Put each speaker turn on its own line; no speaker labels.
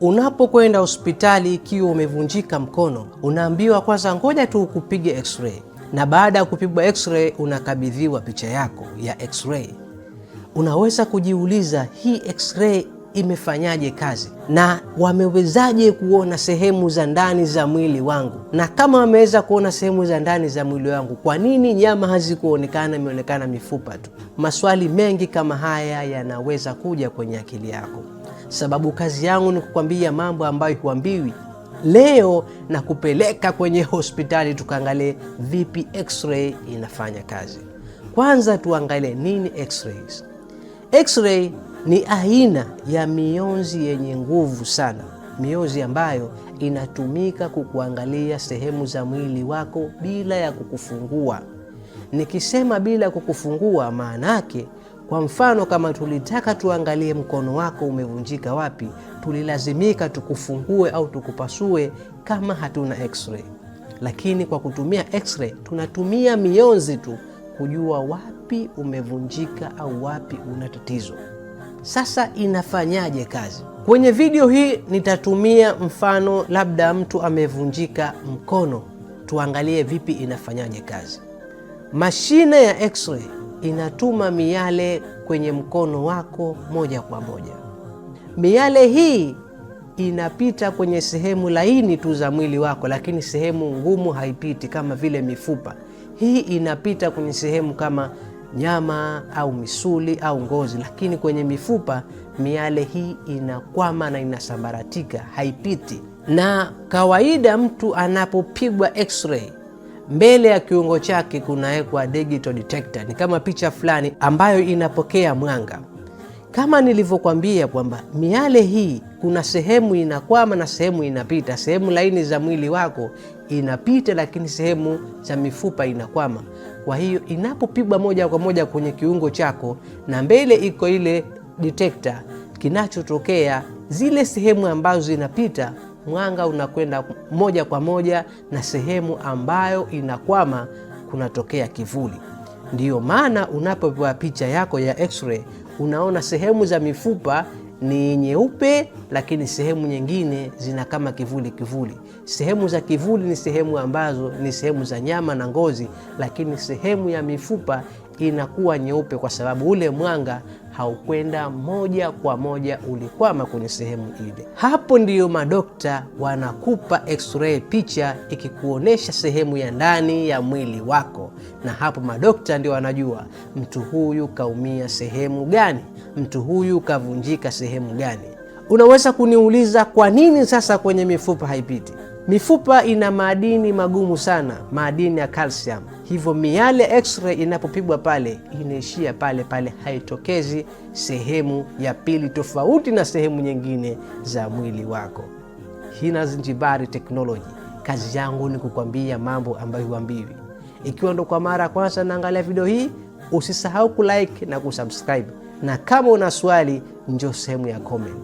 Unapokwenda hospitali ikiwa umevunjika mkono, unaambiwa kwanza, ngoja tu ukupige x-ray, na baada ya kupigwa x-ray unakabidhiwa picha yako ya x-ray. Unaweza kujiuliza hii x-ray imefanyaje kazi na wamewezaje kuona sehemu za ndani za mwili wangu? Na kama wameweza kuona sehemu za ndani za mwili wangu, kwa nini nyama hazikuonekana, imeonekana mifupa tu? Maswali mengi kama haya yanaweza kuja kwenye akili yako sababu kazi yangu ni kukwambia mambo ambayo huambiwi. Leo na kupeleka kwenye hospitali tukaangalie vipi x-ray inafanya kazi. Kwanza tuangalie nini x-rays. X-ray ni aina ya mionzi yenye nguvu sana, mionzi ambayo inatumika kukuangalia sehemu za mwili wako bila ya kukufungua. Nikisema bila kukufungua, maana yake kwa mfano, kama tulitaka tuangalie mkono wako umevunjika wapi, tulilazimika tukufungue au tukupasue kama hatuna x-ray. Lakini kwa kutumia x-ray tunatumia mionzi tu kujua wapi umevunjika au wapi una tatizo. Sasa inafanyaje kazi? Kwenye video hii nitatumia mfano, labda mtu amevunjika mkono, tuangalie vipi inafanyaje kazi. Mashine ya x-ray inatuma miale kwenye mkono wako moja kwa moja. Miale hii inapita kwenye sehemu laini tu za mwili wako, lakini sehemu ngumu haipiti, kama vile mifupa. Hii inapita kwenye sehemu kama nyama au misuli au ngozi, lakini kwenye mifupa miale hii inakwama na inasambaratika, haipiti. Na kawaida mtu anapopigwa x-ray mbele ya kiungo chake kunawekwa digital detector, ni kama picha fulani ambayo inapokea mwanga. Kama nilivyokwambia kwamba miale hii kuna sehemu inakwama na sehemu inapita, sehemu laini za mwili wako inapita, lakini sehemu za mifupa inakwama. Kwa hiyo inapopigwa moja kwa moja kwenye kiungo chako na mbele iko ile detector, kinachotokea zile sehemu ambazo zinapita mwanga unakwenda moja kwa moja na sehemu ambayo inakwama kunatokea kivuli. Ndiyo maana unapopewa picha yako ya x-ray unaona sehemu za mifupa ni nyeupe, lakini sehemu nyingine zina kama kivuli kivuli. Sehemu za kivuli ni sehemu ambazo ni sehemu za nyama na ngozi, lakini sehemu ya mifupa inakuwa nyeupe, kwa sababu ule mwanga haukwenda moja kwa moja, ulikwama kwenye sehemu ile. Hapo ndiyo madokta wanakupa x-ray picha ikikuonesha sehemu ya ndani ya mwili wako, na hapo madokta ndio wanajua mtu huyu kaumia sehemu gani, mtu huyu kavunjika sehemu gani. Unaweza kuniuliza kwa nini sasa kwenye mifupa haipiti? Mifupa ina madini magumu sana, madini ya calcium Hivyo miale x-ray inapopigwa pale inaishia pale pale, haitokezi sehemu ya pili tofauti na sehemu nyingine za mwili wako. na Zinjibari Technology, kazi yangu ni kukwambia mambo ambayo huambiwi. Ikiwa ndo kwa mara ya kwanza naangalia video hii, usisahau kulike na kusubscribe, na kama una swali, njoo sehemu ya comment.